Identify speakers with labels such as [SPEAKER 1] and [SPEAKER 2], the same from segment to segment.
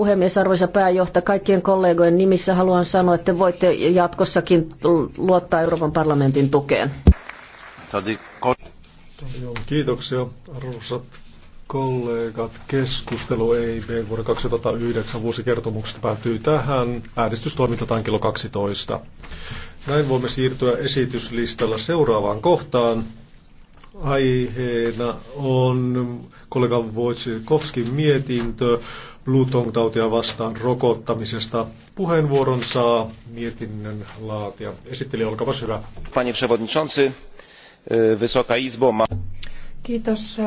[SPEAKER 1] puhemies, arvoisa pääjohtaja, kaikkien kollegojen nimissä haluan sanoa, että voitte jatkossakin luottaa Euroopan parlamentin tukeen.
[SPEAKER 2] Kiitoksia, arvoisat kollegat. Keskustelu EIB vuoden 2009 vuosikertomuksesta päätyy tähän. Äänestys toimitetaan kello 12. Näin voimme siirtyä esityslistalla seuraavaan kohtaan aiheena on kollega Wojciechowskin mietintö Bluetooth-tautia vastaan rokottamisesta. Puheenvuoron saa mietinnön laatia. Esittelijä, olkaa hyvä. Panie przewodniczący, e, Wysoka Izbo. Ma...
[SPEAKER 3] Kiitos e,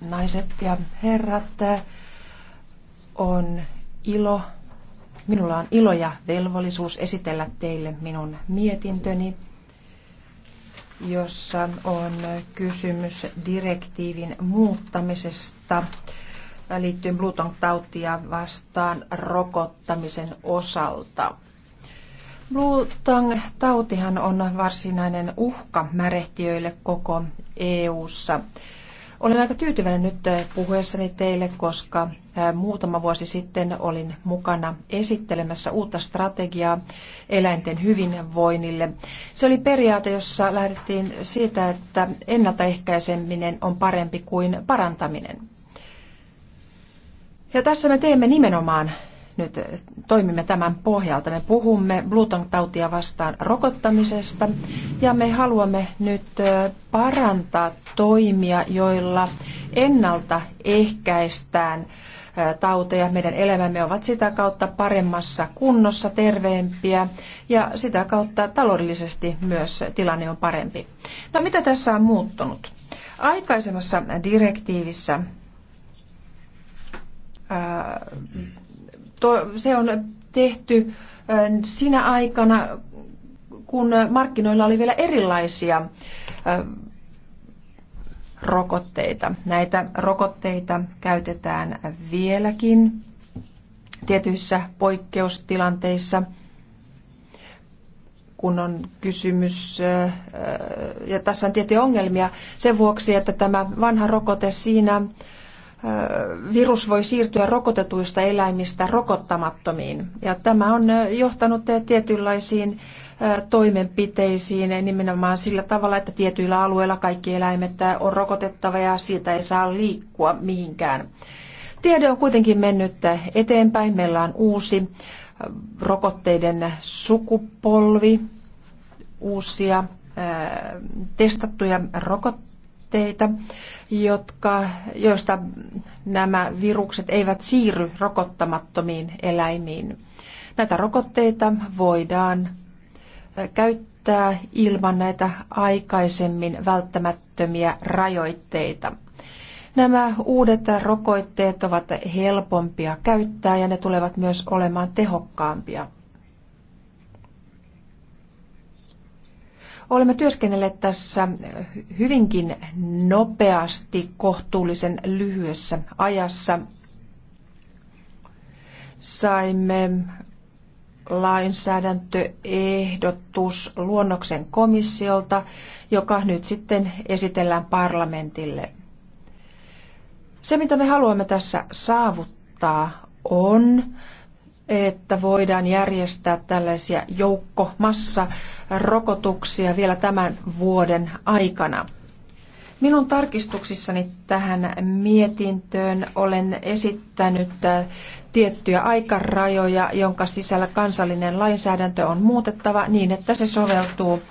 [SPEAKER 3] naiset ja herrat. E, on ilo, minulla on ilo ja velvollisuus esitellä teille minun mietintöni – jossa on kysymys direktiivin muuttamisesta liittyen Bluetooth-tautia vastaan rokottamisen osalta. Bluetooth-tautihan on varsinainen uhka märehtiöille koko EU:ssa. ssa olen aika tyytyväinen nyt eh, puhuessani teille, koska eh, muutama vuosi sitten olin mukana esittelemässä uutta strategiaa eläinten hyvinvoinnille. Se oli periaate, jossa lähdettiin siitä, että ennaltaehkäiseminen on parempi kuin parantaminen. Ja tässä me teemme nimenomaan nyt toimimme tämän pohjalta. Me puhumme Bluton-tautia vastaan rokottamisesta ja me haluamme nyt parantaa toimia, joilla ennaltaehkäistään tauteja. Meidän elämämme ovat sitä kautta paremmassa kunnossa, terveempiä ja sitä kautta taloudellisesti myös tilanne on parempi. No mitä tässä on muuttunut? Aikaisemmassa direktiivissä se on tehty sinä aikana, kun markkinoilla oli vielä erilaisia rokotteita. Näitä rokotteita käytetään vieläkin tietyissä poikkeustilanteissa, kun on kysymys, ja tässä on tiettyjä ongelmia sen vuoksi, että tämä vanha rokote siinä virus voi siirtyä rokotetuista eläimistä rokottamattomiin. Ja tämä on johtanut tietynlaisiin toimenpiteisiin nimenomaan sillä tavalla, että tietyillä alueilla kaikki eläimet on rokotettava ja siitä ei saa liikkua mihinkään. Tiede on kuitenkin mennyt eteenpäin. Meillä on uusi rokotteiden sukupolvi, uusia testattuja rokotteita rokotteita, jotka, joista nämä virukset eivät siirry rokottamattomiin eläimiin. Näitä rokotteita voidaan käyttää ilman näitä aikaisemmin välttämättömiä rajoitteita. Nämä uudet rokotteet ovat helpompia käyttää ja ne tulevat myös olemaan tehokkaampia. Olemme työskennelleet tässä hyvinkin nopeasti kohtuullisen lyhyessä ajassa. Saimme lainsäädäntöehdotus luonnoksen komissiolta, joka nyt sitten esitellään parlamentille. Se, mitä me haluamme tässä saavuttaa, on että voidaan järjestää tällaisia joukkomassa rokotuksia vielä tämän vuoden aikana. Minun tarkistuksissani tähän mietintöön olen esittänyt äh, tiettyjä aikarajoja, jonka sisällä kansallinen lainsäädäntö on muutettava niin, että se soveltuu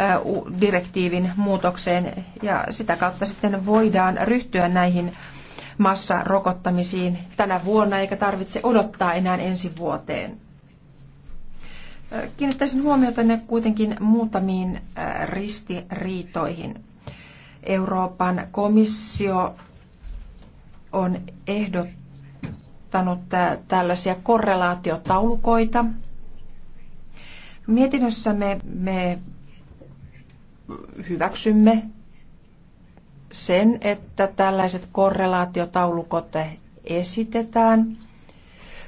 [SPEAKER 3] äh, direktiivin muutokseen ja sitä kautta sitten voidaan ryhtyä näihin massarokottamisiin tänä vuonna eikä tarvitse odottaa enää ensi vuoteen. Kiinnittäisin huomiota ne kuitenkin muutamiin ristiriitoihin. Euroopan komissio on ehdottanut tällaisia korrelaatiotaulukoita. me, me hyväksymme sen, että tällaiset korrelaatiotaulukot esitetään.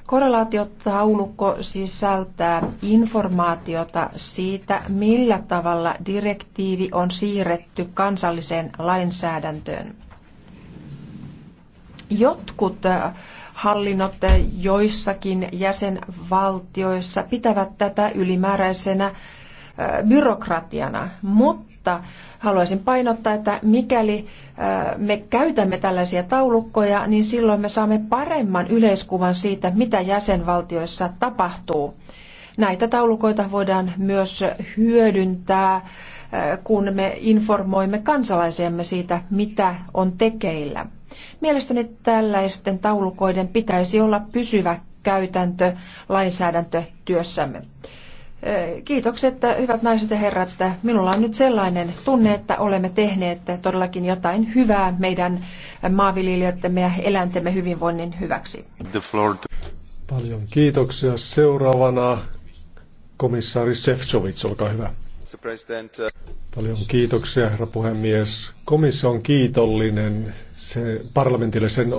[SPEAKER 3] Korrelaatiotaulukko sisältää informaatiota siitä, millä tavalla direktiivi on siirretty kansalliseen lainsäädäntöön. Jotkut äh, hallinnot joissakin jäsenvaltioissa pitävät tätä ylimääräisenä äh, byrokratiana, mutta mutta haluaisin painottaa, että mikäli me käytämme tällaisia taulukkoja, niin silloin me saamme paremman yleiskuvan siitä, mitä jäsenvaltioissa tapahtuu. Näitä taulukoita voidaan myös hyödyntää, kun me informoimme kansalaisiamme siitä, mitä on tekeillä. Mielestäni tällaisten taulukoiden pitäisi olla pysyvä käytäntö lainsäädäntötyössämme. Kiitokset, hyvät naiset ja herrat. että Minulla on nyt sellainen tunne, että olemme tehneet todellakin jotain hyvää meidän maanviljelijöittemme ja eläintemme hyvinvoinnin hyväksi.
[SPEAKER 2] Paljon kiitoksia. Seuraavana komissaari Sefcovic, olkaa hyvä. Uh- Paljon kiitoksia, herra puhemies. Komissio on kiitollinen se, parlamentille sen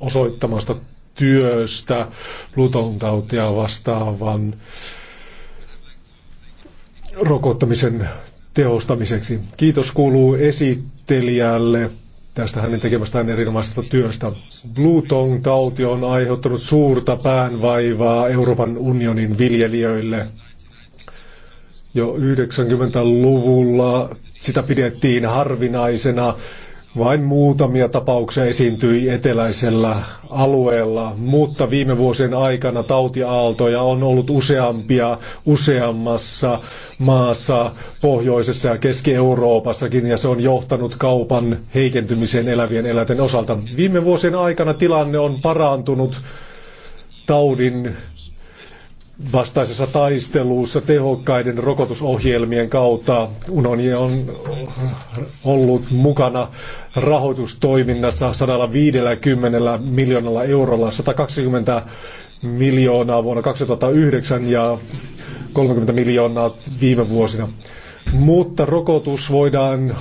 [SPEAKER 2] osoittamasta työstä Pluton tautia vastaavan rokottamisen tehostamiseksi. Kiitos kuuluu esittelijälle tästä hänen tekemästään erinomaisesta työstä. tongue tauti on aiheuttanut suurta päänvaivaa Euroopan unionin viljelijöille. Jo 90-luvulla sitä pidettiin harvinaisena vain muutamia tapauksia esiintyi eteläisellä alueella, mutta viime vuosien aikana tautiaaltoja on ollut useampia useammassa maassa, pohjoisessa ja Keski-Euroopassakin, ja se on johtanut kaupan heikentymiseen elävien eläinten osalta. Viime vuosien aikana tilanne on parantunut taudin vastaisessa taistelussa tehokkaiden rokotusohjelmien kautta. Unoni on ollut mukana rahoitustoiminnassa 150 miljoonalla eurolla, 120 miljoonaa vuonna 2009 ja 30 miljoonaa viime vuosina. Mutta rokotus voidaan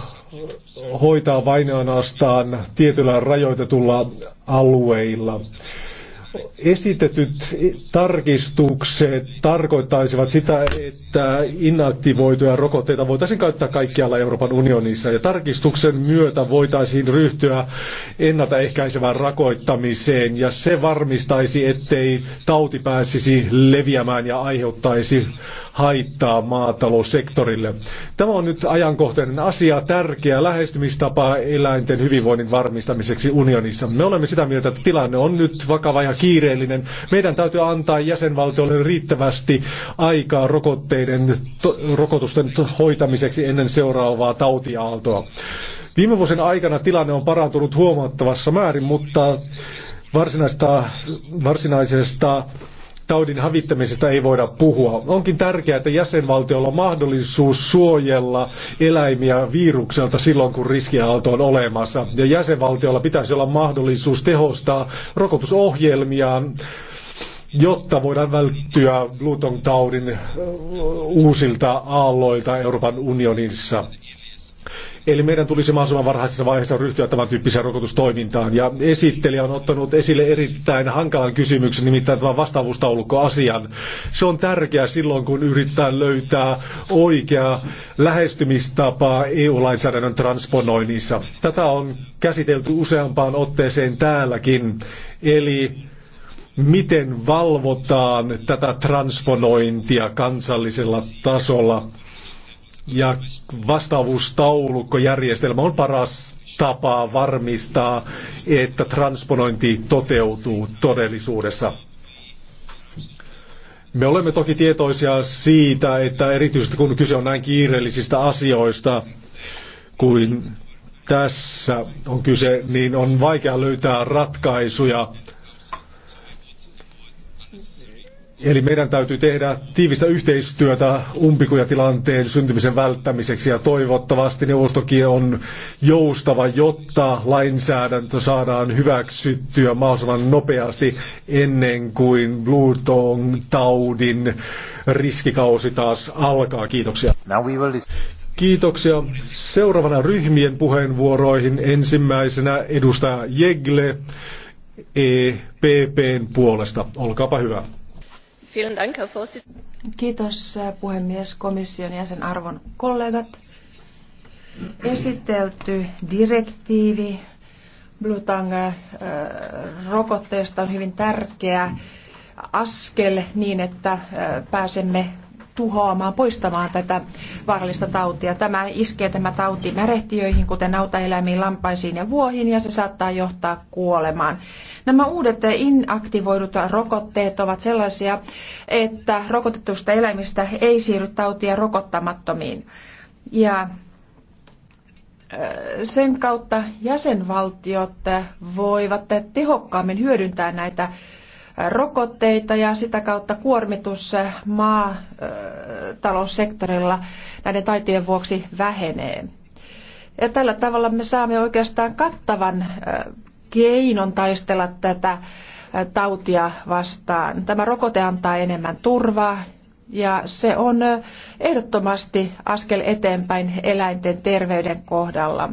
[SPEAKER 2] hoitaa vain ainoastaan tietyillä rajoitetulla alueilla. Esitetyt tarkistukset tarkoittaisivat sitä, että inaktivoituja rokotteita voitaisiin käyttää kaikkialla Euroopan unionissa. Ja tarkistuksen myötä voitaisiin ryhtyä ennaltaehkäisevään rakoittamiseen ja se varmistaisi, ettei tauti pääsisi leviämään ja aiheuttaisi haittaa maataloussektorille. Tämä on nyt ajankohtainen asia, tärkeä lähestymistapa eläinten hyvinvoinnin varmistamiseksi unionissa. Me olemme sitä mieltä, että tilanne on nyt vakava ja kiireellinen. Meidän täytyy antaa jäsenvaltioille riittävästi aikaa rokotteiden, to, rokotusten hoitamiseksi ennen seuraavaa tautiaaltoa. Viime vuosien aikana tilanne on parantunut huomattavassa määrin, mutta varsinaista, varsinaisesta taudin hävittämisestä ei voida puhua. Onkin tärkeää, että jäsenvaltiolla on mahdollisuus suojella eläimiä virukselta silloin, kun riskiaalto on olemassa. Ja jäsenvaltiolla pitäisi olla mahdollisuus tehostaa rokotusohjelmiaan jotta voidaan välttyä Bluton taudin uusilta aalloilta Euroopan unionissa. Eli meidän tulisi mahdollisimman varhaisessa vaiheessa ryhtyä tämän tyyppiseen rokotustoimintaan. Ja esittelijä on ottanut esille erittäin hankalan kysymyksen, nimittäin tämän vastaavuustaulukkoasian. Se on tärkeää silloin, kun yrittää löytää oikea lähestymistapa EU-lainsäädännön transponoinnissa. Tätä on käsitelty useampaan otteeseen täälläkin. Eli miten valvotaan tätä transponointia kansallisella tasolla ja vastaavuustaulukkojärjestelmä on paras tapa varmistaa, että transponointi toteutuu todellisuudessa. Me olemme toki tietoisia siitä, että erityisesti kun kyse on näin kiireellisistä asioista kuin tässä on kyse, niin on vaikea löytää ratkaisuja Eli meidän täytyy tehdä tiivistä yhteistyötä umpikujatilanteen syntymisen välttämiseksi ja toivottavasti neuvostokin on joustava, jotta lainsäädäntö saadaan hyväksyttyä mahdollisimman nopeasti ennen kuin Bluetooth taudin riskikausi taas alkaa. Kiitoksia. Kiitoksia. Seuraavana ryhmien puheenvuoroihin ensimmäisenä edustaja Jegle EPPn puolesta. Olkaapa hyvä.
[SPEAKER 3] Kiitos äh, puhemies, komission jäsen arvon kollegat. Esitelty direktiivi Blutang-rokotteesta äh, on hyvin tärkeä askel niin, että äh, pääsemme tuhoamaan, poistamaan tätä vaarallista tautia. Tämä iskee tämä tauti märehtiöihin, kuten nautaeläimiin, lampaisiin ja vuohiin, ja se saattaa johtaa kuolemaan. Nämä uudet inaktivoidut rokotteet ovat sellaisia, että rokotetusta eläimistä ei siirry tautia rokottamattomiin. Ja sen kautta jäsenvaltiot voivat tehokkaammin hyödyntää näitä rokotteita ja sitä kautta kuormitus maataloussektorilla näiden taitojen vuoksi vähenee. Ja tällä tavalla me saamme oikeastaan kattavan keinon taistella tätä tautia vastaan. Tämä rokote antaa enemmän turvaa ja se on ehdottomasti askel eteenpäin eläinten terveyden kohdalla.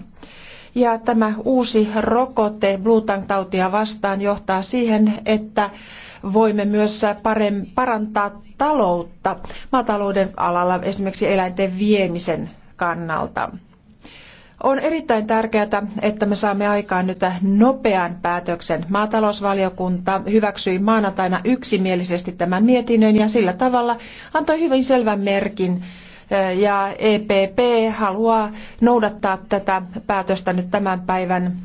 [SPEAKER 3] Ja tämä uusi rokote Bluetang-tautia vastaan johtaa siihen, että voimme myös parantaa taloutta maatalouden alalla esimerkiksi eläinten viemisen kannalta. On erittäin tärkeää, että me saamme aikaan nyt nopean päätöksen. Maatalousvaliokunta hyväksyi maanantaina yksimielisesti tämän mietinnön ja sillä tavalla antoi hyvin selvän merkin ja EPP haluaa noudattaa tätä päätöstä nyt tämän päivän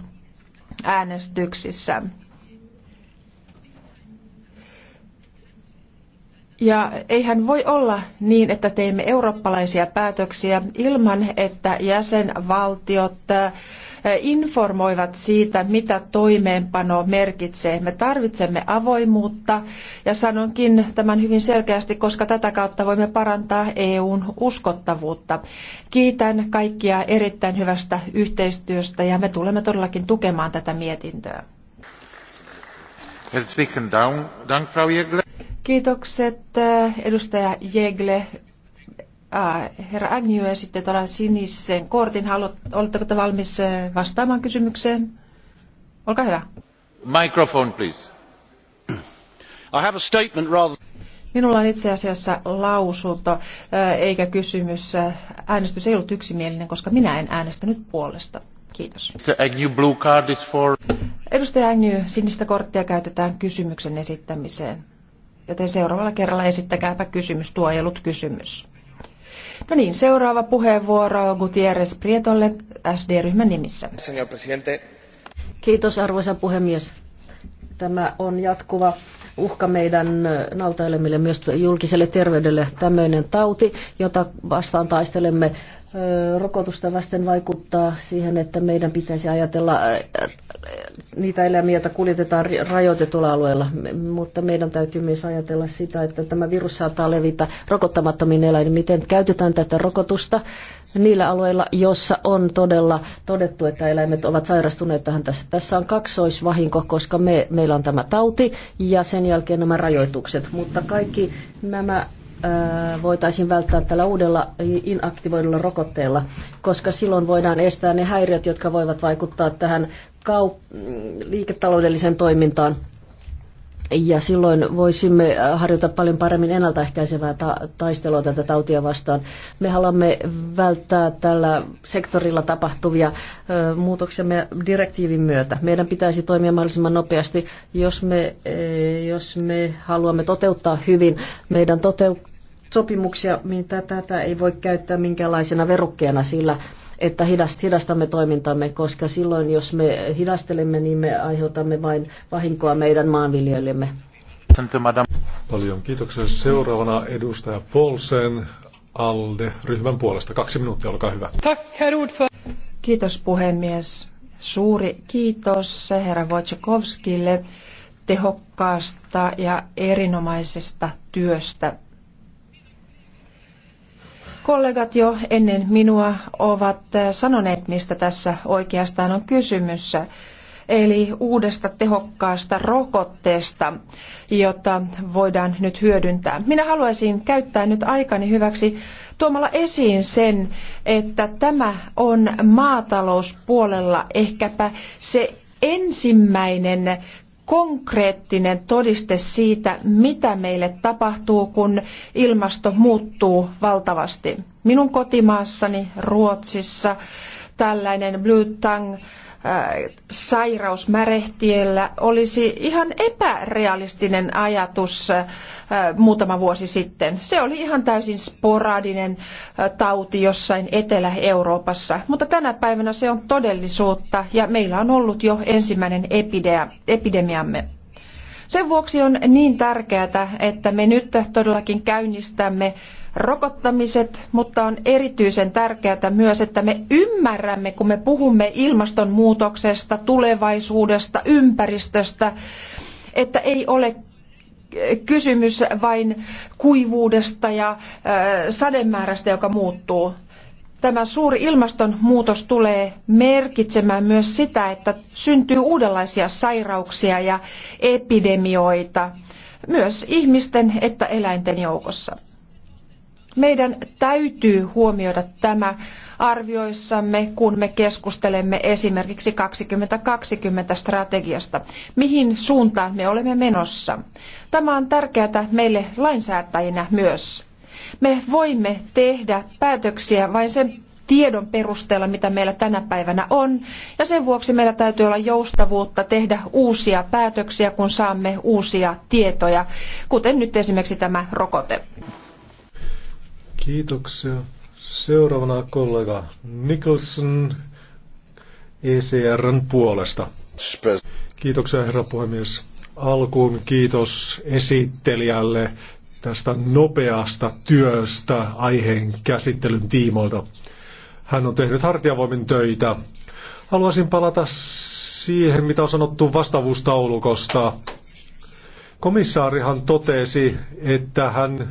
[SPEAKER 3] äänestyksissä. Ja eihän voi olla niin, että teemme eurooppalaisia päätöksiä ilman, että jäsenvaltiot informoivat siitä, mitä toimeenpano merkitsee. Me tarvitsemme avoimuutta ja sanonkin tämän hyvin selkeästi, koska tätä kautta voimme parantaa EUn uskottavuutta. Kiitän kaikkia erittäin hyvästä yhteistyöstä ja me tulemme todellakin tukemaan tätä mietintöä. Kiitokset eh, edustaja Jegle. Ah, herra Agnew ja sitten tuolla sinisen kortin. Oletteko te valmis eh, vastaamaan kysymykseen? Olkaa hyvä.
[SPEAKER 2] Microphone, please.
[SPEAKER 3] I have a statement rather... Minulla on itse asiassa lausunto, eh, eikä kysymys. Äänestys ei ollut yksimielinen, koska minä en äänestänyt puolesta.
[SPEAKER 2] Kiitos. Agnew, blue card is for...
[SPEAKER 3] Edustaja Agnew, sinistä korttia käytetään kysymyksen esittämiseen. Joten seuraavalla kerralla esittäkääpä kysymys, tuo ei ollut kysymys. No niin, seuraava puheenvuoro Gutierrez Prietolle SD-ryhmän
[SPEAKER 1] nimissä. Señor presidente. Kiitos arvoisa puhemies. Tämä on jatkuva uhka meidän nautailemille myös julkiselle terveydelle. Tämmöinen tauti, jota vastaan taistelemme rokotusta vasten vaikuttaa siihen, että meidän pitäisi ajatella niitä eläimiä, joita kuljetetaan rajoitetulla alueella, mutta meidän täytyy myös ajatella sitä, että tämä virus saattaa levitä rokottamattomiin eläimiin. Miten käytetään tätä rokotusta niillä alueilla, jossa on todella todettu, että eläimet ovat sairastuneet tähän tässä. Tässä on kaksoisvahinko, koska me, meillä on tämä tauti ja sen jälkeen nämä rajoitukset, mutta kaikki nämä voitaisiin välttää tällä uudella inaktivoidulla rokotteella, koska silloin voidaan estää ne häiriöt, jotka voivat vaikuttaa tähän kaup- mm, liiketaloudelliseen toimintaan ja silloin voisimme harjoittaa paljon paremmin ennaltaehkäisevää ta- taistelua tätä tautia vastaan. Me haluamme välttää tällä sektorilla tapahtuvia ö, muutoksia me direktiivin myötä. Meidän pitäisi toimia mahdollisimman nopeasti, jos me, e, jos me haluamme toteuttaa hyvin meidän toteut- sopimuksia, mitä niin tätä ei voi käyttää minkäänlaisena verukkeena sillä että hidastamme toimintamme, koska silloin jos me hidastelemme, niin me aiheutamme vain vahinkoa meidän maanviljelijämme.
[SPEAKER 2] Paljon kiitoksia. Seuraavana edustaja Polsen ALDE-ryhmän puolesta. Kaksi minuuttia, olkaa hyvä.
[SPEAKER 3] Kiitos puhemies. Suuri kiitos herra Wojciechowskille tehokkaasta ja erinomaisesta työstä Kollegat jo ennen minua ovat eh, sanoneet, mistä tässä oikeastaan on kysymys eli uudesta tehokkaasta rokotteesta, jota voidaan nyt hyödyntää. Minä haluaisin käyttää nyt aikani hyväksi tuomalla esiin sen, että tämä on maatalouspuolella ehkäpä se ensimmäinen konkreettinen todiste siitä, mitä meille tapahtuu, kun ilmasto muuttuu valtavasti. Minun kotimaassani Ruotsissa tällainen Blue Tongue sairaus märehtiöllä olisi ihan epärealistinen ajatus muutama vuosi sitten. Se oli ihan täysin sporadinen tauti jossain Etelä-Euroopassa, mutta tänä päivänä se on todellisuutta ja meillä on ollut jo ensimmäinen epidemiamme. Sen vuoksi on niin tärkeää, että me nyt todellakin käynnistämme rokottamiset, mutta on erityisen tärkeää myös, että me ymmärrämme, kun me puhumme ilmastonmuutoksesta, tulevaisuudesta, ympäristöstä, että ei ole kysymys vain kuivuudesta ja sademäärästä, joka muuttuu. Tämä suuri ilmastonmuutos tulee merkitsemään myös sitä, että syntyy uudenlaisia sairauksia ja epidemioita, myös ihmisten että eläinten joukossa. Meidän täytyy huomioida tämä arvioissamme, kun me keskustelemme esimerkiksi 2020 strategiasta, mihin suuntaan me olemme menossa. Tämä on tärkeää meille lainsäätäjinä myös. Me voimme tehdä päätöksiä vain sen tiedon perusteella, mitä meillä tänä päivänä on. Ja sen vuoksi meillä täytyy olla joustavuutta tehdä uusia päätöksiä, kun saamme uusia tietoja, kuten nyt esimerkiksi tämä rokote.
[SPEAKER 2] Kiitoksia. Seuraavana kollega Nicholson ECRn puolesta. Kiitoksia herra puhemies. Alkuun kiitos esittelijälle tästä nopeasta työstä aiheen käsittelyn tiimoilta. Hän on tehnyt hartiavoimin töitä. Haluaisin palata siihen, mitä on sanottu vastaavuustaulukosta. Komissaarihan totesi, että hän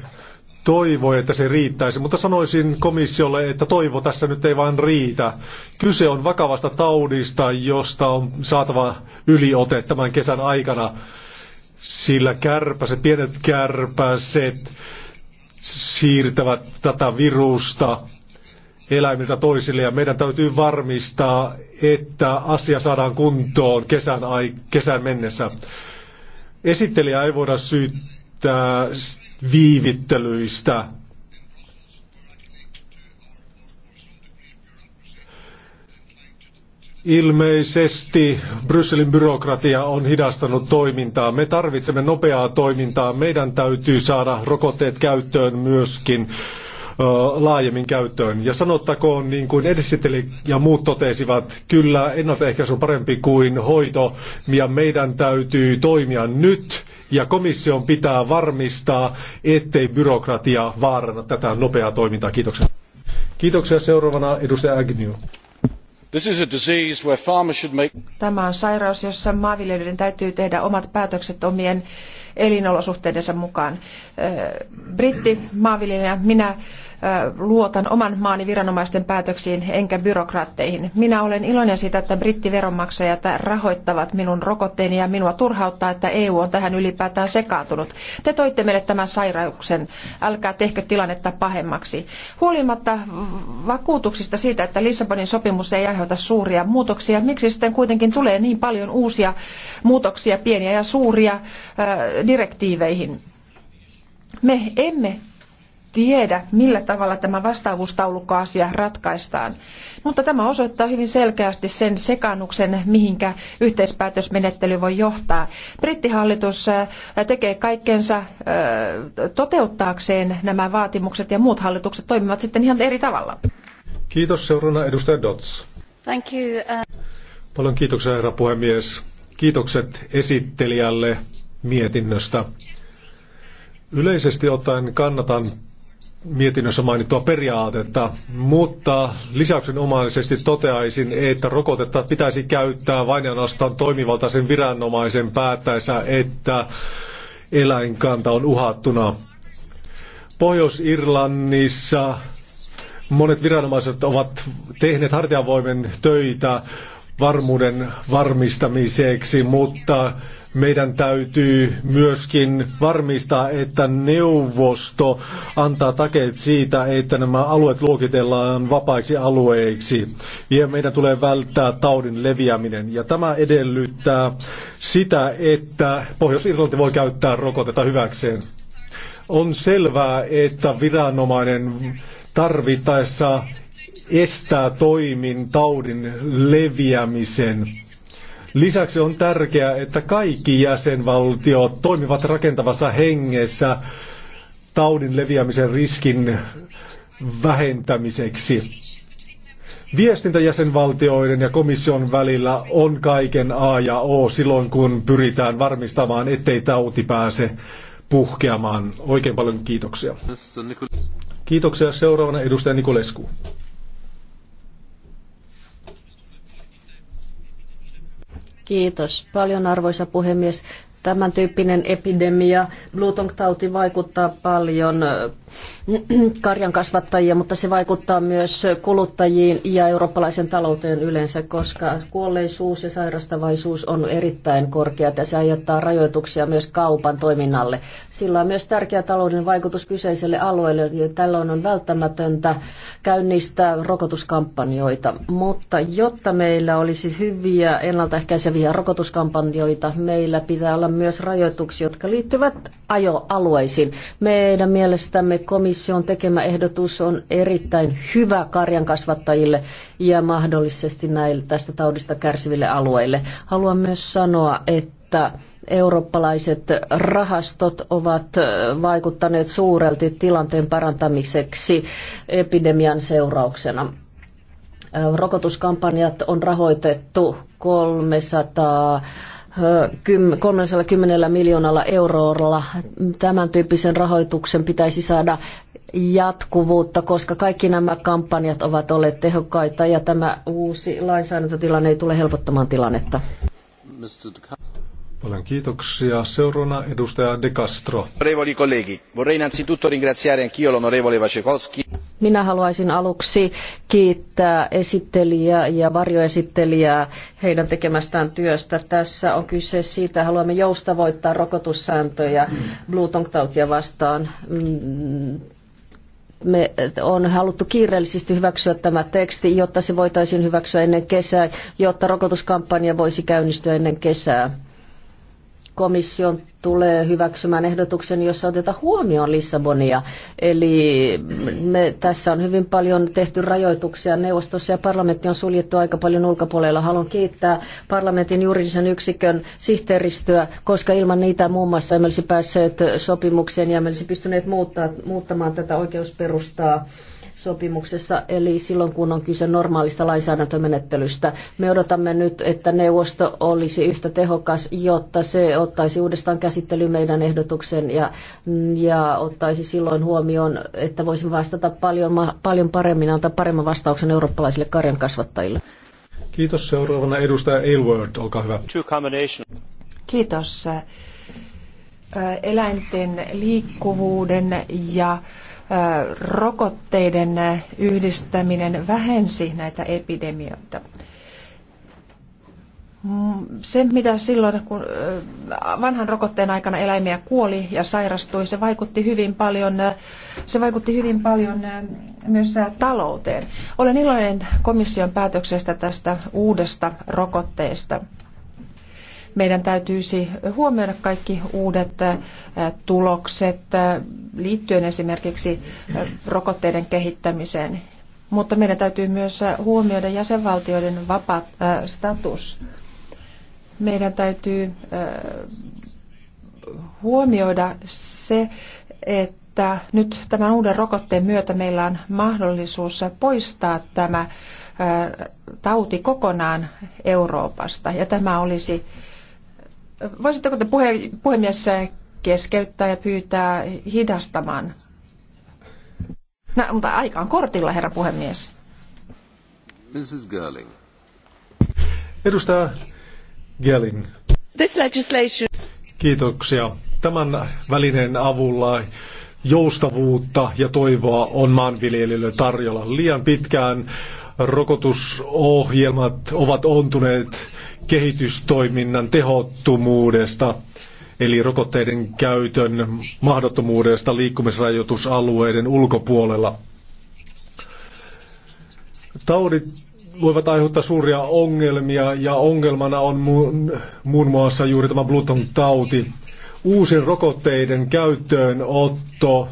[SPEAKER 2] toivoi, että se riittäisi, mutta sanoisin komissiolle, että toivo tässä nyt ei vaan riitä. Kyse on vakavasta taudista, josta on saatava yliote tämän kesän aikana, sillä kärpäset, pienet kärpäset siirtävät tätä virusta eläimiltä toisille ja meidän täytyy varmistaa, että asia saadaan kuntoon kesän, ai- kesän mennessä. Esittelijä ei voida syyttää näistä viivittelyistä. Ilmeisesti Brysselin byrokratia on hidastanut toimintaa. Me tarvitsemme nopeaa toimintaa. Meidän täytyy saada rokotteet käyttöön myöskin laajemmin käyttöön. Ja sanottakoon, niin kuin edesiteli ja muut totesivat, kyllä ennaltaehkäisy on parempi kuin hoito, ja meidän täytyy toimia nyt, ja komission pitää varmistaa, ettei byrokratia vaaranna tätä nopeaa toimintaa. Kiitoksia. Kiitoksia. Seuraavana edustaja Agnew.
[SPEAKER 3] Tämä on sairaus, jossa maanviljelijöiden täytyy tehdä omat päätökset omien elinolosuhteidensa mukaan. Britti maanviljelijä minä luotan oman maani viranomaisten päätöksiin enkä byrokraatteihin. Minä olen iloinen siitä, että brittiveronmaksajat rahoittavat minun rokotteeni ja minua turhauttaa, että EU on tähän ylipäätään sekaantunut. Te toitte meille tämän sairauksen. Älkää tehkö tilannetta pahemmaksi. Huolimatta vakuutuksista siitä, että Lissabonin sopimus ei aiheuta suuria muutoksia, miksi sitten kuitenkin tulee niin paljon uusia muutoksia, pieniä ja suuria direktiiveihin? Me emme tiedä, millä tavalla tämä vastaavuustaulukkoasia ratkaistaan. Mutta tämä osoittaa hyvin selkeästi sen sekannuksen, mihinkä yhteispäätösmenettely voi johtaa. Brittihallitus äh, tekee kaikkensa äh, toteuttaakseen nämä vaatimukset ja muut hallitukset toimivat sitten ihan eri tavalla.
[SPEAKER 2] Kiitos seurana edustaja Dots. Thank you. Uh- Paljon kiitoksia herra puhemies. Kiitokset esittelijälle mietinnöstä. Yleisesti ottaen kannatan mietinnössä mainittua periaatetta, mutta omaisesti toteaisin, että rokotetta pitäisi käyttää vain ainoastaan toimivaltaisen viranomaisen päättäessä, että eläinkanta on uhattuna. Pohjois-Irlannissa monet viranomaiset ovat tehneet hartiavoimen töitä varmuuden varmistamiseksi, mutta meidän täytyy myöskin varmistaa, että neuvosto antaa takeet siitä, että nämä alueet luokitellaan vapaiksi alueiksi. Ja meidän tulee välttää taudin leviäminen. Ja tämä edellyttää sitä, että Pohjois-Irlanti voi käyttää rokotetta hyväkseen. On selvää, että viranomainen tarvittaessa estää toimin taudin leviämisen Lisäksi on tärkeää, että kaikki jäsenvaltiot toimivat rakentavassa hengessä taudin leviämisen riskin vähentämiseksi. Viestintä jäsenvaltioiden ja komission välillä on kaiken A ja O silloin, kun pyritään varmistamaan, ettei tauti pääse puhkeamaan. Oikein paljon kiitoksia. Kiitoksia. Seuraavana edustaja Nikolescu.
[SPEAKER 1] Kiitos paljon arvoisa puhemies tämän tyyppinen epidemia. Bluetooth-tauti vaikuttaa paljon äh, karjan kasvattajia, mutta se vaikuttaa myös kuluttajiin ja eurooppalaisen talouteen yleensä, koska kuolleisuus ja sairastavaisuus on erittäin korkea ja se aiheuttaa rajoituksia myös kaupan toiminnalle. Sillä on myös tärkeä talouden vaikutus kyseiselle alueelle ja tällöin on välttämätöntä käynnistää rokotuskampanjoita. Mutta jotta meillä olisi hyviä ennaltaehkäiseviä rokotuskampanjoita, meillä pitää olla myös rajoituksia, jotka liittyvät ajoalueisiin. Meidän mielestämme komission tekemä ehdotus on erittäin hyvä karjankasvattajille ja mahdollisesti näille tästä taudista kärsiville alueille. Haluan myös sanoa, että eurooppalaiset rahastot ovat vaikuttaneet suurelti tilanteen parantamiseksi epidemian seurauksena. Rokotuskampanjat on rahoitettu 300 310 miljoonalla eurolla. Tämän tyyppisen rahoituksen pitäisi saada jatkuvuutta, koska kaikki nämä kampanjat ovat olleet tehokkaita ja tämä uusi lainsäädäntötilanne ei tule helpottamaan tilannetta.
[SPEAKER 2] Paljon kiitoksia. Seuraavana edustaja De Castro.
[SPEAKER 1] Onorevoli kollegi, vorrei innanzitutto ringraziare anch'io l'onorevole Vacekowski. Minä haluaisin aluksi kiittää esittelijää ja varjoesittelijää heidän tekemästään työstä. Tässä on kyse siitä, haluamme joustavoittaa rokotussääntöjä Bluetooth-tautia vastaan mm, me eh, on haluttu kiireellisesti hyväksyä tämä teksti, jotta se voitaisiin hyväksyä ennen kesää, jotta rokotuskampanja voisi käynnistyä ennen kesää komission tulee hyväksymään ehdotuksen, jossa otetaan huomioon Lissabonia. Eli me, tässä on hyvin paljon tehty rajoituksia neuvostossa ja parlamentti on suljettu aika paljon ulkopuolella. Haluan kiittää parlamentin juridisen yksikön sihteeristöä, koska ilman niitä muun muassa emme olisi päässeet sopimukseen ja emme olisi pystyneet muuttaa, muuttamaan tätä oikeusperustaa sopimuksessa, eli silloin kun on kyse normaalista lainsäädäntömenettelystä. Me odotamme nyt, että neuvosto olisi yhtä tehokas, jotta se ottaisi uudestaan käsittelyyn meidän ehdotuksen ja, ja ottaisi silloin huomioon, että voisimme vastata paljon, paljon paremmin, antaa paremman vastauksen eurooppalaisille karjankasvattajille. Kiitos.
[SPEAKER 2] Seuraavana edustaja Aylward, olkaa hyvä.
[SPEAKER 1] Kiitos.
[SPEAKER 3] Eläinten liikkuvuuden ja rokotteiden yhdistäminen vähensi näitä epidemioita. Mm, se, mitä silloin, kun vanhan rokotteen aikana eläimiä kuoli ja sairastui, se vaikutti hyvin paljon, se vaikutti hyvin paljon myös talouteen. Olen iloinen komission päätöksestä tästä uudesta rokotteesta. Meidän täytyisi huomioida kaikki uudet tulokset liittyen esimerkiksi rokotteiden kehittämiseen. Mutta meidän täytyy myös huomioida jäsenvaltioiden vapaa status. Meidän täytyy huomioida se, että nyt tämän uuden rokotteen myötä meillä on mahdollisuus poistaa tämä tauti kokonaan Euroopasta. Ja tämä olisi Voisitteko te puhe, puhemies keskeyttää ja pyytää hidastamaan? No, mutta aika on kortilla, herra puhemies.
[SPEAKER 2] Mrs. Girling. Edustaja Gelling.
[SPEAKER 3] This legislation.
[SPEAKER 2] Kiitoksia. Tämän välineen avulla joustavuutta ja toivoa on maanviljelijöille tarjolla. Liian pitkään rokotusohjelmat ovat ontuneet kehitystoiminnan tehottomuudesta, eli rokotteiden käytön mahdottomuudesta liikkumisrajoitusalueiden ulkopuolella. Taudit voivat aiheuttaa suuria ongelmia ja ongelmana on muun muassa juuri tämä Bluton tauti. Uusin rokotteiden käyttöönotto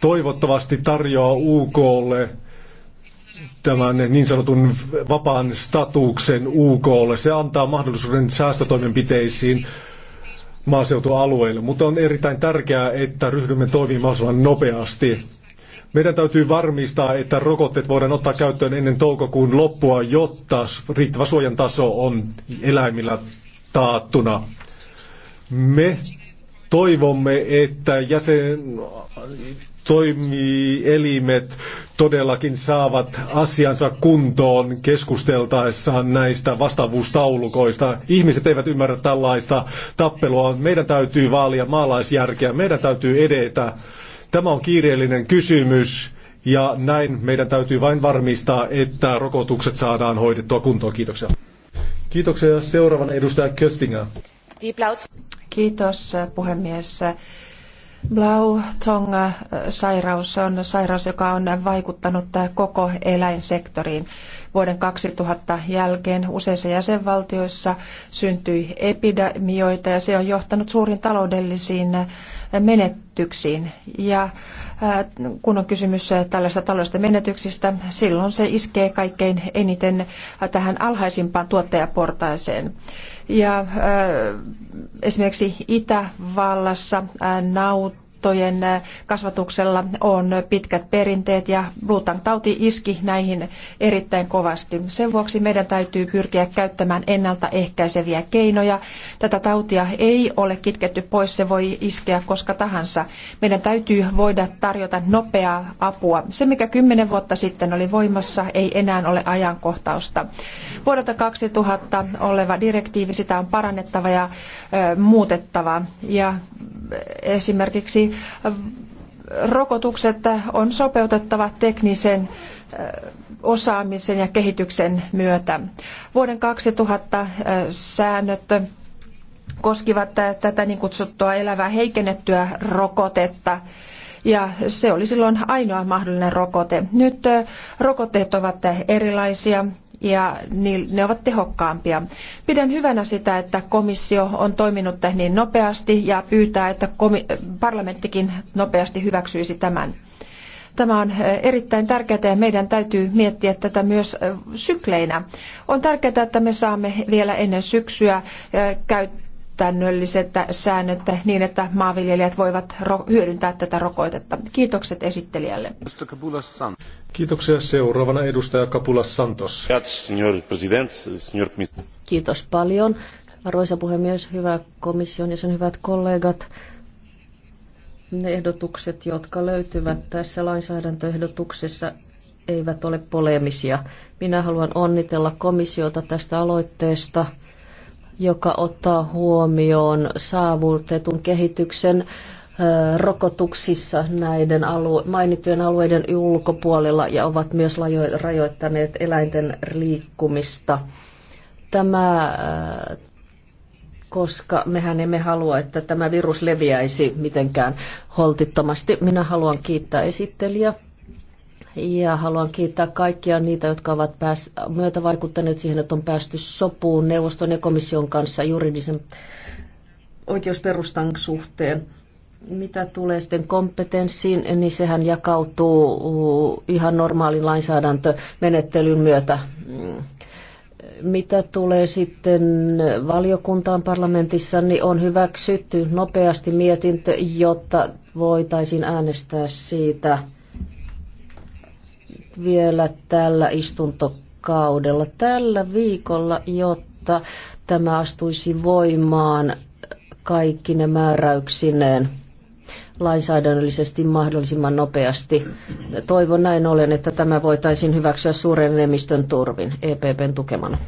[SPEAKER 2] toivottavasti tarjoaa UKlle tämän niin sanotun vapaan statuksen UKlle. Se antaa mahdollisuuden säästötoimenpiteisiin maaseutualueille, mutta on erittäin tärkeää, että ryhdymme toimimaan mahdollisimman nopeasti. Meidän täytyy varmistaa, että rokotteet voidaan ottaa käyttöön ennen toukokuun loppua, jotta riittävä suojan taso on eläimillä taattuna. Me toivomme, että jäsen, toimielimet todellakin saavat asiansa kuntoon keskusteltaessaan näistä vastaavuustaulukoista. Ihmiset eivät ymmärrä tällaista tappelua. Meidän täytyy vaalia maalaisjärkeä, meidän täytyy edetä. Tämä on kiireellinen kysymys ja näin meidän täytyy vain varmistaa, että rokotukset saadaan hoidettua kuntoon. Kiitoksia. Kiitoksia. Seuraavan edustaja Köstinger.
[SPEAKER 3] Kiitos puhemies. Blau tonga äh, sairaus on sairaus, joka on vaikuttanut äh, koko eläinsektoriin vuoden 2000 jälkeen useissa jäsenvaltioissa syntyi epidemioita ja se on johtanut suuriin taloudellisiin menetyksiin. Ja äh, kun on kysymys äh, tällaista taloudellisista menetyksistä, silloin se iskee kaikkein eniten tähän alhaisimpaan tuottajaportaiseen. Ja äh, esimerkiksi Itävallassa naut nauttojen äh, kasvatuksella on pitkät perinteet ja bluetang-tauti iski näihin erittäin kovasti. Sen vuoksi meidän täytyy pyrkiä käyttämään ennaltaehkäiseviä keinoja. Tätä tautia ei ole kitketty pois, se voi iskeä koska tahansa. Meidän täytyy voida tarjota nopeaa apua. Se, mikä kymmenen vuotta sitten oli voimassa, ei enää ole ajankohtausta. Vuodelta 2000 oleva direktiivi, sitä on parannettava ja muutettava. Ja esimerkiksi rokotukset on sopeutettava teknisen osaamisen ja kehityksen myötä. Vuoden 2000 säännöt koskivat tätä niin kutsuttua elävää heikennettyä rokotetta ja se oli silloin ainoa mahdollinen rokote. Nyt rokotteet ovat erilaisia ja ne ovat tehokkaampia. Pidän hyvänä sitä, että komissio on toiminut niin nopeasti ja pyytää, että parlamenttikin nopeasti hyväksyisi tämän. Tämä on eh, erittäin tärkeää ja meidän täytyy miettiä tätä myös eh, sykleinä. On tärkeää, että me saamme vielä ennen syksyä eh, käyttöön käytännölliset säännöt niin, että maanviljelijät voivat hyödyntää tätä rokotetta. Kiitokset esittelijälle.
[SPEAKER 2] Kiitoksia seuraavana edustaja Kapulas Santos.
[SPEAKER 1] Kiitos paljon. Arvoisa puhemies, hyvä komission ja sen hyvät kollegat. Ne ehdotukset, jotka löytyvät tässä lainsäädäntöehdotuksessa, eivät ole polemisia. Minä haluan onnitella komissiota tästä aloitteesta – joka ottaa huomioon saavutetun kehityksen rokotuksissa näiden alue, mainittujen alueiden ulkopuolella ja ovat myös rajoittaneet eläinten liikkumista. Tämä, koska mehän emme halua, että tämä virus leviäisi mitenkään holtittomasti. Minä haluan kiittää esittelijä ja haluan kiittää kaikkia niitä, jotka ovat pääs, vaikuttaneet siihen, että on päästy sopuun neuvoston ja komission kanssa juridisen oikeusperustan suhteen. Mitä tulee sitten kompetenssiin, niin sehän jakautuu ihan normaalin lainsäädäntömenettelyn myötä. Mitä tulee sitten valiokuntaan parlamentissa, niin on hyväksytty nopeasti mietintö, jotta voitaisiin äänestää siitä – vielä tällä istuntokaudella, tällä viikolla, jotta tämä astuisi voimaan kaikki ne määräyksineen lainsäädännöllisesti mahdollisimman nopeasti. Toivon näin ollen, että tämä voitaisiin hyväksyä suuren enemmistön turvin EPPn tukemana.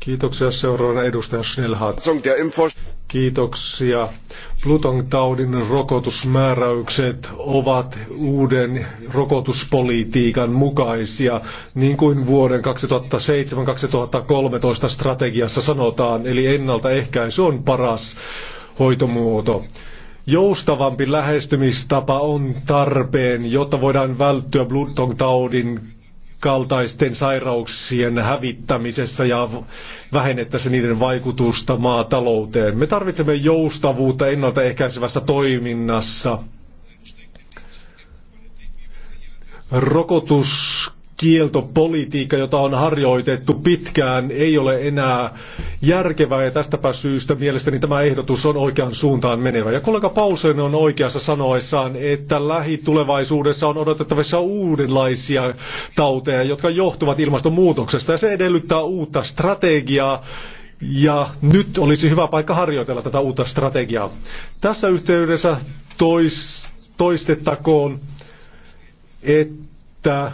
[SPEAKER 2] Kiitoksia seuraavana edustaja Schnellhardt. Kiitoksia. Pluton taudin rokotusmääräykset ovat uuden rokotuspolitiikan mukaisia, niin kuin vuoden 2007-2013 strategiassa sanotaan, eli ennaltaehkäisy on paras hoitomuoto. Joustavampi lähestymistapa on tarpeen, jotta voidaan välttyä Bluton taudin kaltaisten sairauksien hävittämisessä ja vähennettäisiin niiden vaikutusta maatalouteen. Me tarvitsemme joustavuutta ennaltaehkäisevässä toiminnassa. Rokotus kieltopolitiikka, jota on harjoitettu pitkään, ei ole enää järkevää ja tästäpä syystä mielestäni tämä ehdotus on oikean suuntaan menevä. Ja kollega Pausen on oikeassa sanoessaan, että lähitulevaisuudessa on odotettavissa uudenlaisia tauteja, jotka johtuvat ilmastonmuutoksesta ja se edellyttää uutta strategiaa ja nyt olisi hyvä paikka harjoitella tätä uutta strategiaa. Tässä yhteydessä tois, toistettakoon, että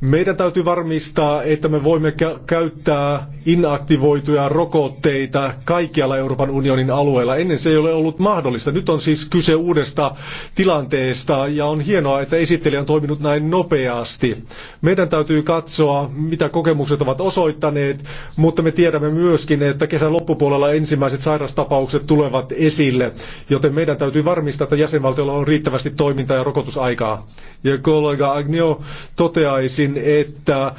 [SPEAKER 2] Meidän täytyy varmistaa, että me voimme käyttää inaktivoituja rokotteita kaikkialla Euroopan unionin alueella. Ennen se ei ole ollut mahdollista. Nyt on siis kyse uudesta tilanteesta ja on hienoa, että esittelijä on toiminut näin nopeasti. Meidän täytyy katsoa, mitä kokemukset ovat osoittaneet, mutta me tiedämme myöskin, että kesän loppupuolella ensimmäiset sairastapaukset tulevat esille, joten meidän täytyy varmistaa, että jäsenvaltiolla on riittävästi toimintaa ja rokotusaikaa. Ja kollega Agnio toteaisin, sanoisin, että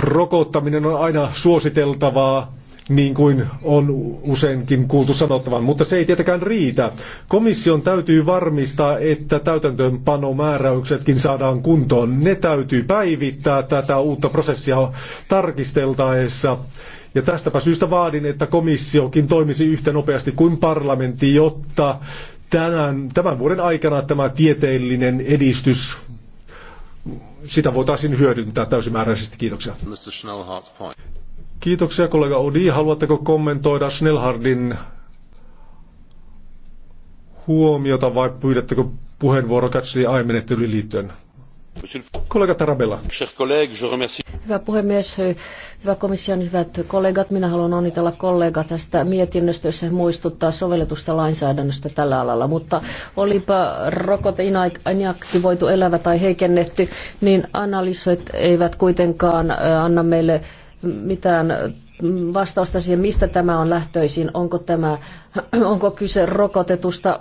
[SPEAKER 2] rokottaminen on aina suositeltavaa, niin kuin on useinkin kuultu sanottavan, mutta se ei tietenkään riitä. Komission täytyy varmistaa, että täytäntöönpanomääräyksetkin saadaan kuntoon. Ne täytyy päivittää tätä uutta prosessia tarkisteltaessa. Ja tästäpä syystä vaadin, että komissiokin toimisi yhtä nopeasti kuin parlamentti, jotta tämän, tämän vuoden aikana tämä tieteellinen edistys sitä voitaisiin hyödyntää täysimääräisesti. Kiitoksia. Kiitoksia kollega Odi. Haluatteko kommentoida Schnellhardin huomiota vai pyydättekö puheenvuoro Catch aimenettelyyn liittyen? Kollega Tarabella.
[SPEAKER 1] Hyvä puhemies, hyvä komission hyvät kollegat. Minä haluan onnitella kollega tästä mietinnöstä, jossa se muistuttaa sovelletusta lainsäädännöstä tällä alalla. Mutta olipa rokote inaktivoitu elävä tai heikennetty, niin analysoit eivät kuitenkaan äh, anna meille mitään vastausta siihen, mistä tämä on lähtöisin, onko, tämä, onko kyse rokotetusta,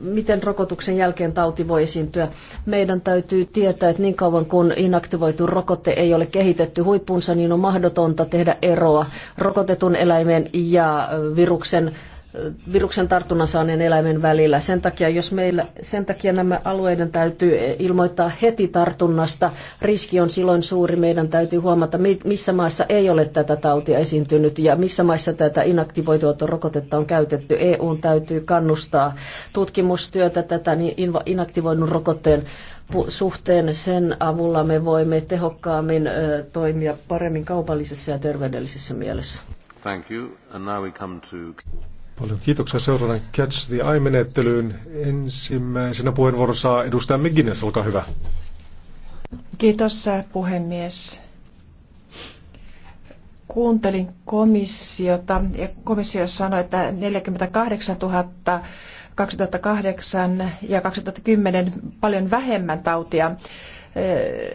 [SPEAKER 1] miten rokotuksen jälkeen tauti voi esiintyä. Meidän täytyy tietää, että niin kauan kun inaktivoitu rokote ei ole kehitetty huippunsa, niin on mahdotonta tehdä eroa rokotetun eläimen ja viruksen viruksen tartunnan saaneen eläimen välillä. Sen takia, jos meillä, sen takia nämä alueiden täytyy ilmoittaa heti tartunnasta. Riski on silloin suuri. Meidän täytyy huomata, missä maissa ei ole tätä tautia esiintynyt ja missä maissa tätä inaktivoitua rokotetta on käytetty. EUn täytyy kannustaa tutkimustyötä tätä niin inaktivoidun rokotteen suhteen. Sen avulla me voimme tehokkaammin toimia paremmin kaupallisessa ja terveydellisessä mielessä.
[SPEAKER 3] Thank you. And now we come
[SPEAKER 2] to... Paljon kiitoksia seuraavan Catch the Eye-menettelyyn. Ensimmäisenä puheenvuorossa edustaja McGuinness, olkaa hyvä.
[SPEAKER 3] Kiitos puhemies. Kuuntelin komissiota ja komissio sanoi, että 48 000 2008 ja 2010 paljon vähemmän tautia.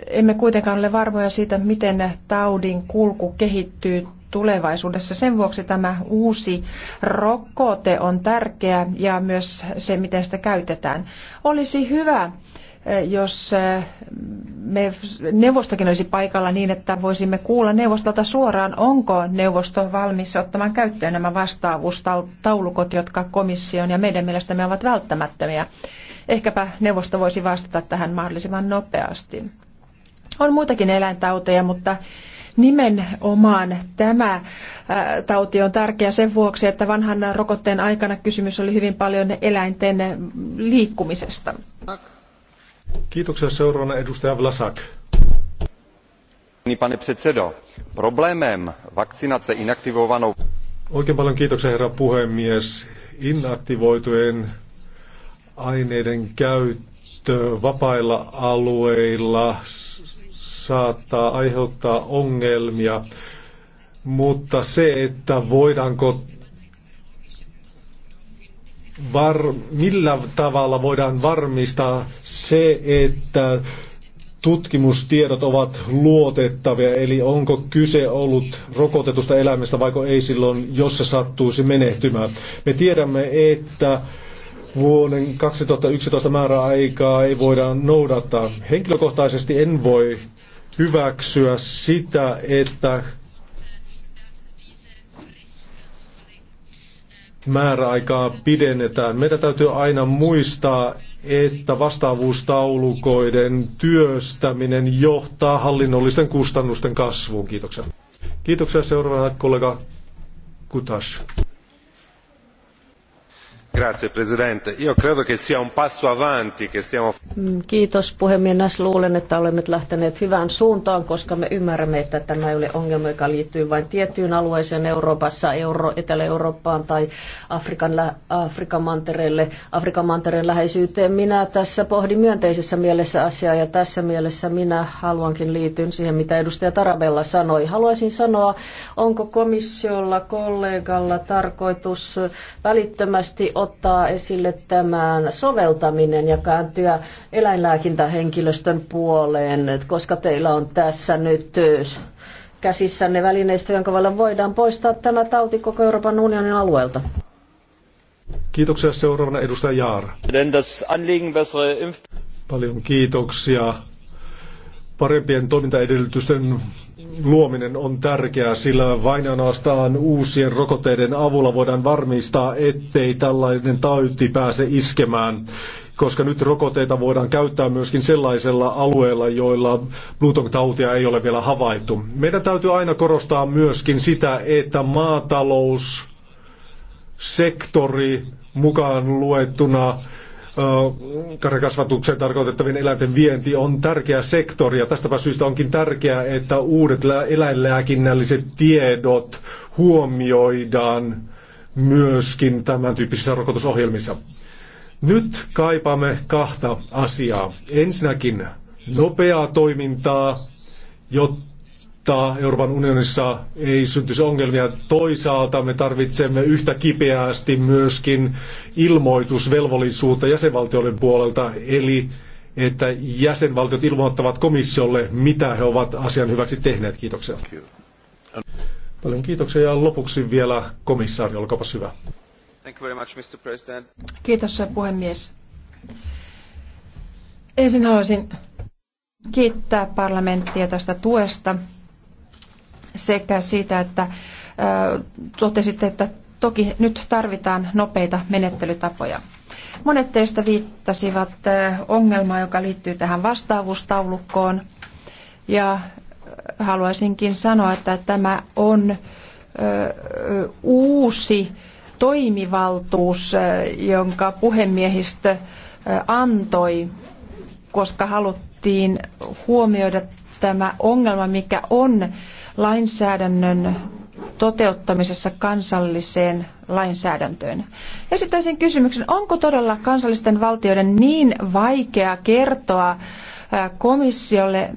[SPEAKER 3] Emme kuitenkaan ole varmoja siitä, miten taudin kulku kehittyy tulevaisuudessa. Sen vuoksi tämä uusi rokote on tärkeä ja myös se, miten sitä käytetään. Olisi hyvä, eh, jos eh, me neuvostokin olisi paikalla niin, että voisimme kuulla neuvostolta suoraan, onko neuvosto valmis ottamaan käyttöön nämä vastaavuustaulukot, jotka komission ja meidän mielestämme ovat välttämättömiä. Ehkäpä neuvosto voisi vastata tähän mahdollisimman nopeasti. On muitakin eläintauteja, mutta Nimenomaan tämä äh, tauti on tärkeä sen vuoksi, että vanhan rokotteen aikana kysymys oli hyvin paljon eläinten liikkumisesta.
[SPEAKER 2] Kiitoksia seuraavana edustaja Vlasak. Pane předsedo, problémem vakcinace inaktivovanou... Oikein paljon kiitoksia herra puhemies. Inaktivoitujen aineiden käyttö vapailla alueilla saattaa aiheuttaa ongelmia, mutta se, että voidaanko var, millä tavalla voidaan varmistaa se, että tutkimustiedot ovat luotettavia, eli onko kyse ollut rokotetusta elämästä vaiko ei silloin, jos se sattuisi menehtymään. Me tiedämme, että vuoden 2011 määräaikaa ei voida noudattaa. Henkilökohtaisesti en voi hyväksyä sitä, että määräaikaa pidennetään. Meidän täytyy aina muistaa, että vastaavuustaulukoiden työstäminen johtaa hallinnollisten kustannusten kasvuun. Kiitoksia. Kiitoksia seuraavana kollega Kutas. Grazie, presidente. credo che sia un passo avanti che
[SPEAKER 1] stiamo... Mm, kiitos puhemies. Luulen, että olemme lähteneet hyvään suuntaan, koska me ymmärrämme, että tämä ei ole ongelma, joka liittyy vain tiettyyn alueeseen Euroopassa, Etelä-Eurooppaan tai Afrikan, Afrikan, mantereelle, Afrikan mantereen läheisyyteen. Minä tässä pohdin myönteisessä mielessä asiaa ja tässä mielessä minä haluankin liittyä siihen, mitä edustaja Tarabella sanoi. Haluaisin sanoa, onko komissiolla, kollegalla tarkoitus välittömästi ottaa esille tämän soveltaminen ja kääntyä eläinlääkintähenkilöstön puoleen, koska teillä on tässä nyt käsissänne välineistö, jonka valla voidaan poistaa tämä tauti koko Euroopan unionin alueelta.
[SPEAKER 2] Kiitoksia seuraavana edustaja Jaara. Paljon kiitoksia parempien toimintaedellytysten luominen on tärkeää, sillä vain ainoastaan uusien rokotteiden avulla voidaan varmistaa, ettei tällainen tauti pääse iskemään koska nyt rokoteita voidaan käyttää myöskin sellaisella alueella, joilla Bluetooth-tautia ei ole vielä havaittu. Meidän täytyy aina korostaa myöskin sitä, että maataloussektori mukaan luettuna karjakasvatukseen tarkoitettavien eläinten vienti on tärkeä sektori ja tästäpä syystä onkin tärkeää, että uudet eläinlääkinnälliset tiedot huomioidaan myöskin tämän tyyppisissä rokotusohjelmissa. Nyt kaipaamme kahta asiaa. Ensinnäkin nopeaa toimintaa, jotta jotta Euroopan unionissa ei syntyisi ongelmia. Toisaalta me tarvitsemme yhtä kipeästi myöskin ilmoitusvelvollisuutta jäsenvaltioiden puolelta, eli että jäsenvaltiot ilmoittavat komissiolle, mitä he ovat asian hyväksi tehneet. Kiitoksia. Paljon kiitoksia ja lopuksi vielä komissaari, olkaapas hyvä. Thank you very much, Mr. President.
[SPEAKER 3] Kiitos puhemies. Ensin haluaisin kiittää parlamenttia tästä tuesta sekä siitä, että totesitte, että toki nyt tarvitaan nopeita menettelytapoja. Monet teistä viittasivat ongelmaan, joka liittyy tähän vastaavuustaulukkoon. Ja haluaisinkin sanoa, että tämä on uusi toimivaltuus, jonka puhemiehistö antoi, koska haluttiin huomioida tämä ongelma, mikä on lainsäädännön toteuttamisessa kansalliseen lainsäädäntöön. Esittäisin kysymyksen, onko todella kansallisten valtioiden niin vaikea kertoa komissiolle,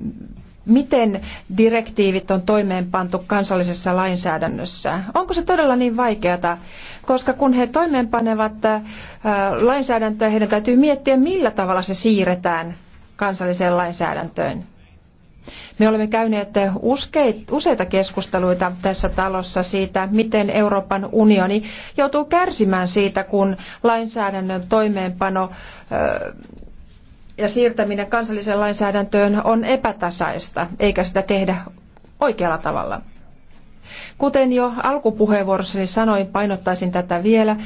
[SPEAKER 3] miten direktiivit on toimeenpantu kansallisessa lainsäädännössä? Onko se todella niin vaikeata? Koska kun he toimeenpanevat lainsäädäntöä, heidän täytyy miettiä, millä tavalla se siirretään kansalliseen lainsäädäntöön. Me olemme käyneet useita keskusteluita tässä talossa siitä, miten Euroopan unioni joutuu kärsimään siitä, kun lainsäädännön toimeenpano ja siirtäminen kansalliseen lainsäädäntöön on epätasaista, eikä sitä tehdä oikealla tavalla. Kuten jo alkupuheenvuorossani sanoin, painottaisin tätä vielä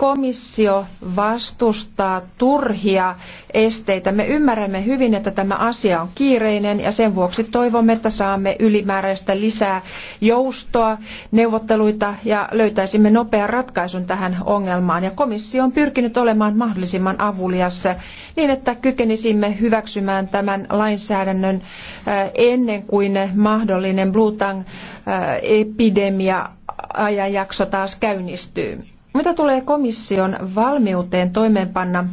[SPEAKER 3] komissio vastustaa turhia esteitä. Me ymmärrämme hyvin, että tämä asia on kiireinen ja sen vuoksi toivomme, että saamme ylimääräistä lisää joustoa, neuvotteluita ja löytäisimme nopean ratkaisun tähän ongelmaan. Ja komissio on pyrkinyt olemaan mahdollisimman avuliassa niin, että kykenisimme hyväksymään tämän lainsäädännön äh, ennen kuin mahdollinen Blutang-epidemia äh, ajanjakso taas käynnistyy. Mitä tulee komission valmiuteen toimeenpanna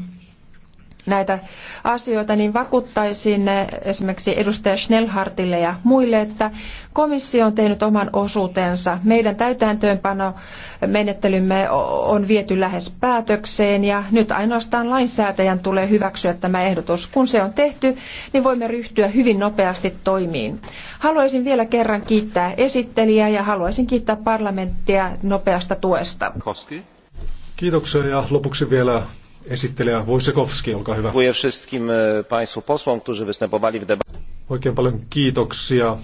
[SPEAKER 3] näitä asioita, niin vakuuttaisin esimerkiksi edustaja Schnellhartille ja muille, että komissio on tehnyt oman osuutensa. Meidän täytäntöönpano menettelymme on viety lähes päätökseen ja nyt ainoastaan lainsäätäjän tulee hyväksyä tämä ehdotus. Kun se on tehty, niin voimme ryhtyä hyvin nopeasti toimiin. Haluaisin vielä kerran kiittää esittelijää ja haluaisin kiittää parlamenttia nopeasta tuesta.
[SPEAKER 2] Koski. Kiitoksia ja lopuksi vielä esittelijä Wojciechowski, olkaa hyvä. wszystkim e, państwu posłom, którzy występowali w debacie. Oikein paljon kiitoksia,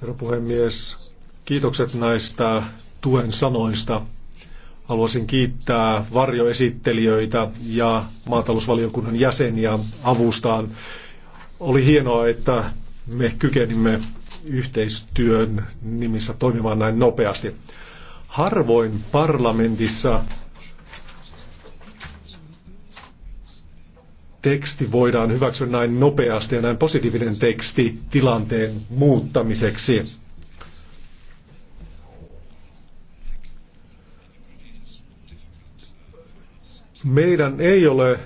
[SPEAKER 2] herra puhemies. Kiitokset näistä tuen sanoista. Haluaisin kiittää varjoesittelijöitä ja maatalousvaliokunnan jäseniä avustaan. Oli hienoa, että me kykenimme yhteistyön nimissä toimimaan näin nopeasti. Harvoin parlamentissa teksti voidaan hyväksyä näin nopeasti ja näin positiivinen teksti tilanteen muuttamiseksi. Meidän ei ole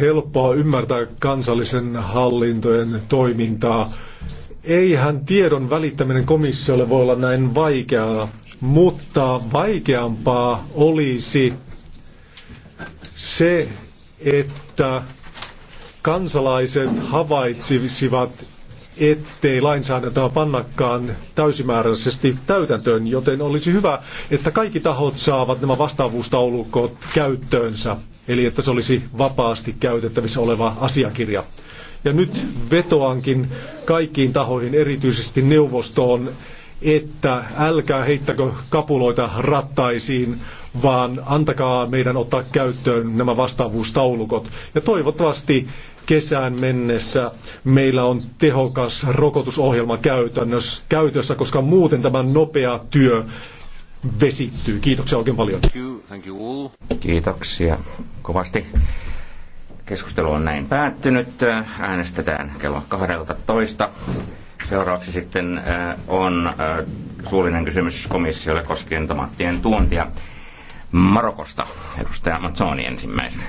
[SPEAKER 2] helppoa ymmärtää kansallisen hallintojen toimintaa. Eihän tiedon välittäminen komissiolle voi olla näin vaikeaa, mutta vaikeampaa olisi se, että kansalaiset havaitsisivat, ettei lainsäädäntöä pannakaan täysimääräisesti täytäntöön, joten olisi hyvä, että kaikki tahot saavat nämä vastaavuustaulukot käyttöönsä, eli että se olisi vapaasti käytettävissä oleva asiakirja. Ja nyt vetoankin kaikkiin tahoihin, erityisesti neuvostoon, että älkää heittäkö kapuloita rattaisiin, vaan antakaa meidän ottaa käyttöön nämä vastaavuustaulukot. Ja toivottavasti kesään mennessä meillä on tehokas rokotusohjelma käytössä, koska muuten tämä nopea työ vesittyy. Kiitoksia oikein paljon.
[SPEAKER 1] Kiitoksia kovasti. Keskustelu on näin päättynyt. Äänestetään kello 12. Seuraavaksi sitten äh, on äh, suullinen kysymys komissiolle koskien tomaattien tuontia. Marokosta.
[SPEAKER 2] Edustaja Mazzoni ensimmäisenä.